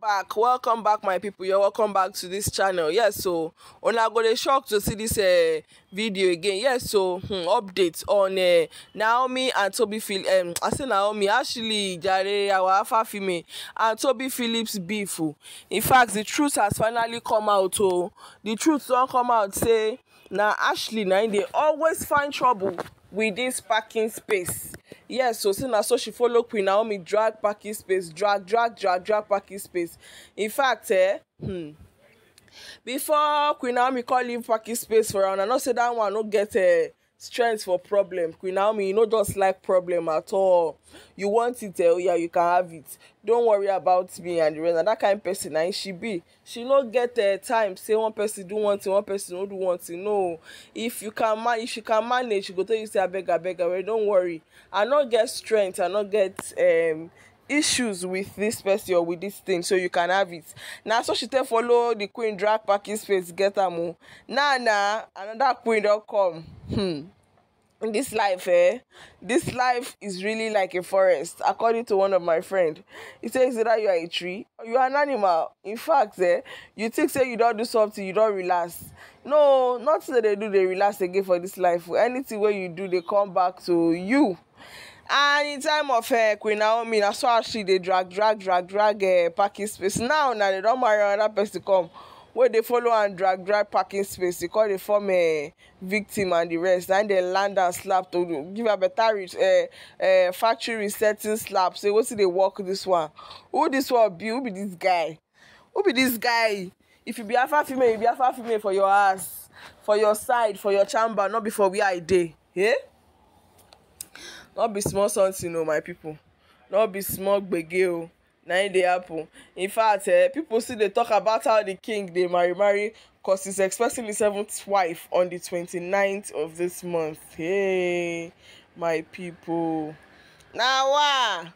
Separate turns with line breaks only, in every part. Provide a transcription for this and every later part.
back welcome back my people you're welcome back to this channel yes so una go dey shock to see this uh, video again yes so hmm, update on uh, naomi and toby phil um, i say naomi ashley jare our alpha female and toby phillips beef in fact the truth has finally come out oh the truth don come out say na ashley na dey always find trouble with this parking space yes so see na so she follow queen naomi drag parking space drag drag drag drag parking space in fact eh, hmm, before queen naomi come leave parking space for her una know say that one no get eh strength for problem queen naomi you no just like problem at all you want it eh oh, yeah. you can have it don't worry about me and the rest na that kind of person na she be she no get uh, time say one person do one thing one person no do one thing no if you can man if she can manage she go tell you say abeg abeg abeg don't worry i no get strength i no get um, issues with this person or with this thing so you can have it na so she take follow the queen drag parking space get am o now na another queen don come hmm. in this life eh this life is really like a forest according to one of my friend he says either you are a tree or you are an animal in fact eh you think say you don do something you don relax no nothing dey dey do They relax again for this life anything wey you do they come back to you and in time of eh, queen naomi na so she they drag drag drag drag eh, parking space now na dem don marry another person come where they follow and drag drag parking space They call the former eh, victim and the rest then they land and slap to give a better factory setting slap say wetin dey work this one who this one be who be this guy who be this guy if you be alpha female you be alpha female for your ass, for your side for your chamber not before we where i day, eh no be small something o oh, my people no be small gbege o oh. na im dey happen in fact eh, people still dey talk about how the king dey marry marry cause he's expecting his seventh wife on the twenty-ninth of this month hey my people na wa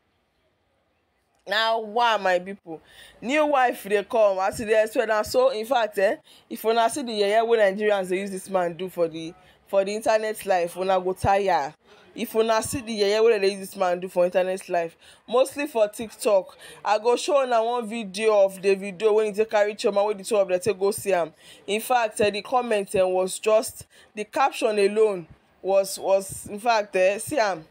na wa my people new wife dey come as e dey expect na so in fact eh, if una see the yeye wey nigerians dey use this man do for the for the internet life una go tire if una see the yeye wey dey dis man do for internet life mostly for tiktok i go show una one video of davido wey he take carry chioma wey the two of them take go see am in fact uh, the comment uh, was just the caption alone was was in fact uh, see am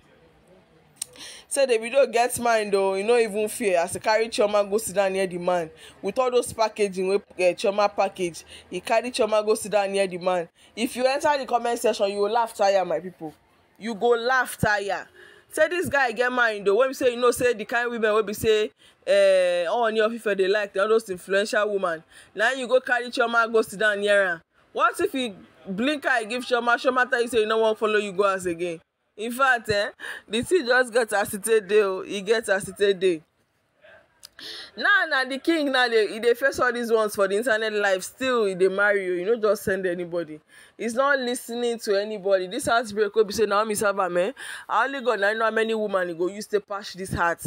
say davido get mind o e no even fear as he carry chioma go sit down near the man with all those packaging wey uh, chioma package He carry chioma go sit down near the man if you enter the comment section you go laugh tire my people you go laugh tire say this guy get mind o wey be say you know say the kind women wey be say eh Ooni oh, of Ife dey like all those influential women na you go carry Chioma go sit down near am what if he blink eye give Chioma Chioma tell you say you no wan follow you go house again in fact eh the thing just get as e take dey o e get as e take dey now na the king now dey e dey face all these ones for the internet life still e dey marry you you no just send anybody he's not lis ten ing to anybody this heartbreak wey oh, be say naomi serve am eh only god na know how many woman he go use to patch this heart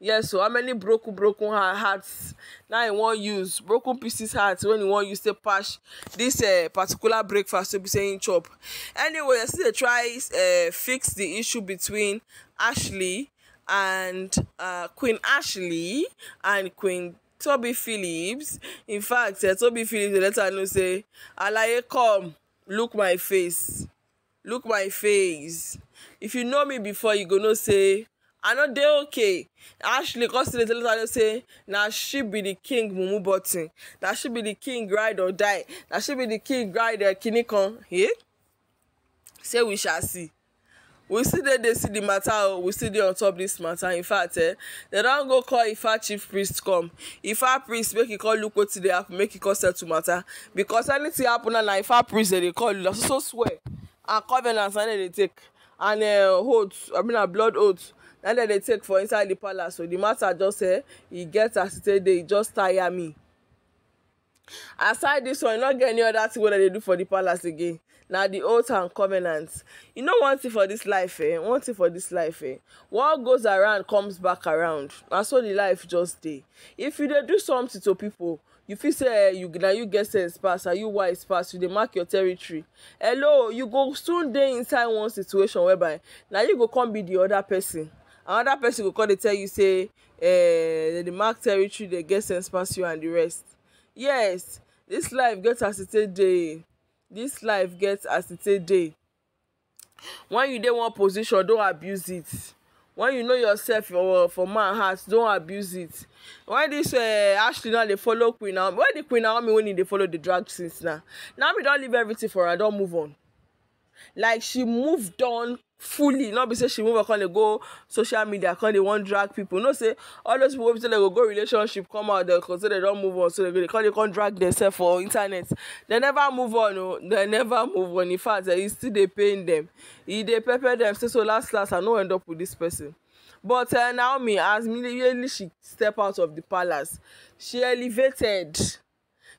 yes so how many broken broken hearts now he wan use broken pieces hearts when he wan use to patch this uh, particular breakfast wey be say him chop anyway i still dey try uh, fix the issue between ashley and uh, Queen Ashley and Queen Toby Phillips. In fact, uh, Toby Phillips let her know say, Alaye come, look my face, look my face. If you know me before, you go know say, I no dey okay. Ashley Costello tell her say "Now she be the king mumu button. Na she be the king ride or die. Na she be the king ride uh, kini kan. Eh? Say we shall see we still dey dey see the matter o oh. we still dey on top this matter in fact eh dem don go call ifa chief priest come ifa priest make he come look wetin dey happen make he come settle matter because anything happen now na ifa priest dem dey call na so so swear and covenant na dem dey take and uh, oath i mean na blood oath na dem dey take for inside the palace so the matter just eh e get as e take dey e just tire me aside this one e no get any other thing wey dem dey do for the palace again na the old and covenant you know one thing for this life eh one thing for this life eh what goes around comes back around na so the life just dey if you dey do something to people you fit say eh you na you get sense pass na you wise pass you dey mark your territory hello you go soon dey inside one situation whereby na you go come be the other person another person go come dey tell you say eh dem dey mark territory dey get sense pass you and the rest yes this life get as e take dey This life get as e take dey when you dey one position don abuse it when you know yourself for for man heart don abuse it when this uh, ashley now dey follow queen naomi when the queen naomi wey e dey follow dey drag since now naomi don leave everything for her don move on like she moved on fully not be say she move her come dey go social media come dey wan drag people you say all those people wey be say dem go go relationship come out dem go say dem don move on so dem go dey come dey come drag themselves for internet dem never move on o oh. dem never move on in fact eh, e still dey pain dem e dey pepper dem say so last last i no end up with this person but uh, naomi as immediately she step out of the palace she elevated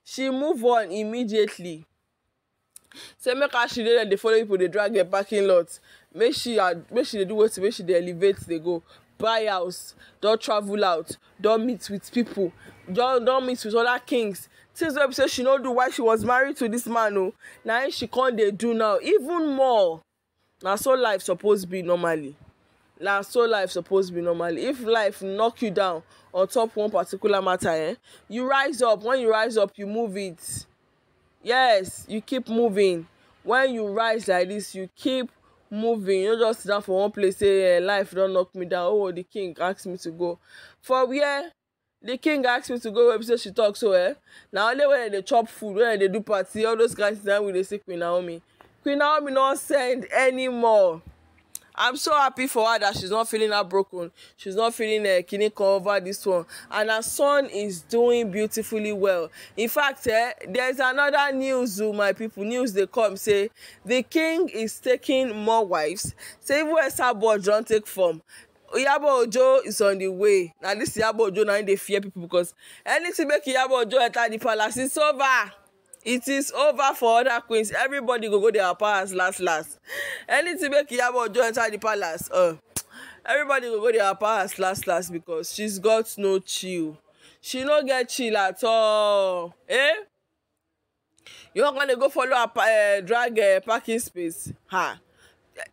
she move on immediately say make her she dey there dey follow people dey drag her parking lot make she make she dey do wetin make she dey elevate dey go buy house don travel out don meet with people don don meet with other kings things wey be say she no do while she was married to this man o na him she come dey do now even more na so life suppose be normally na so life suppose be normally if life knock you down on top one particular matter eh you rise up when you rise up you move it yes you keep moving when you rise like this you keep moving you no just sit down for one place say eh, life don knock me down oh the king ask me to go for where the king ask me to go where be say she talk so eh na only when i dey chop food when i dey do party all those guys things na with the see queen naomi queen naomi no send anymore i'm so happy for her that she's not feeling heartbroken she's not feeling uh, eh, kini kan over this one and her son is doing beautifully well in fact eh, there's another news oh, my people news they come say the king is taking more wives say even esabod don take form Iyabo Ojo is on the way Now, this Iyabo Ojo na him fear people because anything make Iyabo Ojo enter the palace it's over it is over for other queens everybody go go their palace last last anything make Iyabo Ojo enter the palace uh, everybody go go their palace last last because she's got no chill she no get chill at all eh you wan come go follow her uh, drag uh, parking space ha. Huh?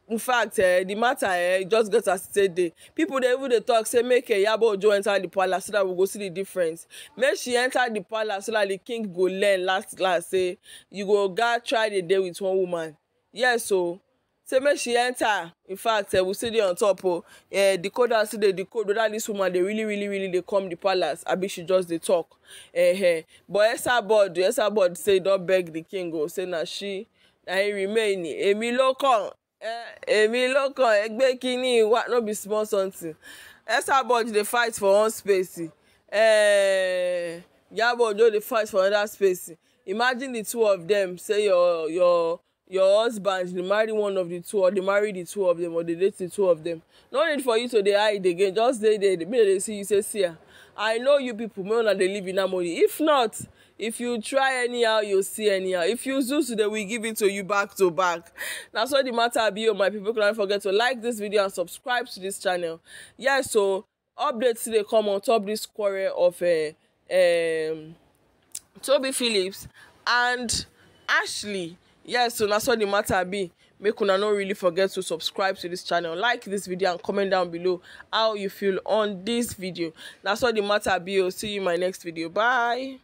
in fact eh, the matter eh, just get as e dey people dey even dey talk say make eh, yabo Ojo enter the palace so that we go see the difference make she enter the palace so that the king go learn last last say you go gats try dey dey with one woman yes o oh. so, say make she enter in fact eh, we still dey on top o oh, eh, decoder still dey decode whether this woman dey really really really dey come the palace abi she just dey talk eh, eh. but Esabod Esabod say e don beg the king o oh, say na she na him remain èmi ló kàn èmi lọ́kàn ẹ gbé kínní wa no be small something Esabod dey fight for one space Iyabo Ojo dey fight for another space imagine the two of them say your your your husband dey marry one of the two or dey marry the two of them or dey date the two of them no need for you to dey hide again just dey there make dem see you say see ah i know you people may una dey live in harmony if not if you try anyhow you see anyhow if you zoom today we give it to you back to back na so the matter be o oh, my people no forget to like this video and subscribe to this channel yes o so, update still dey come on top this quarrel of uh, um, toby phillips and ashley yes o so na so the matter be make una no really forget to subscribe to this channel like this video and comment down below how you feel on this video that's all the matter be o oh. see you in my next video bye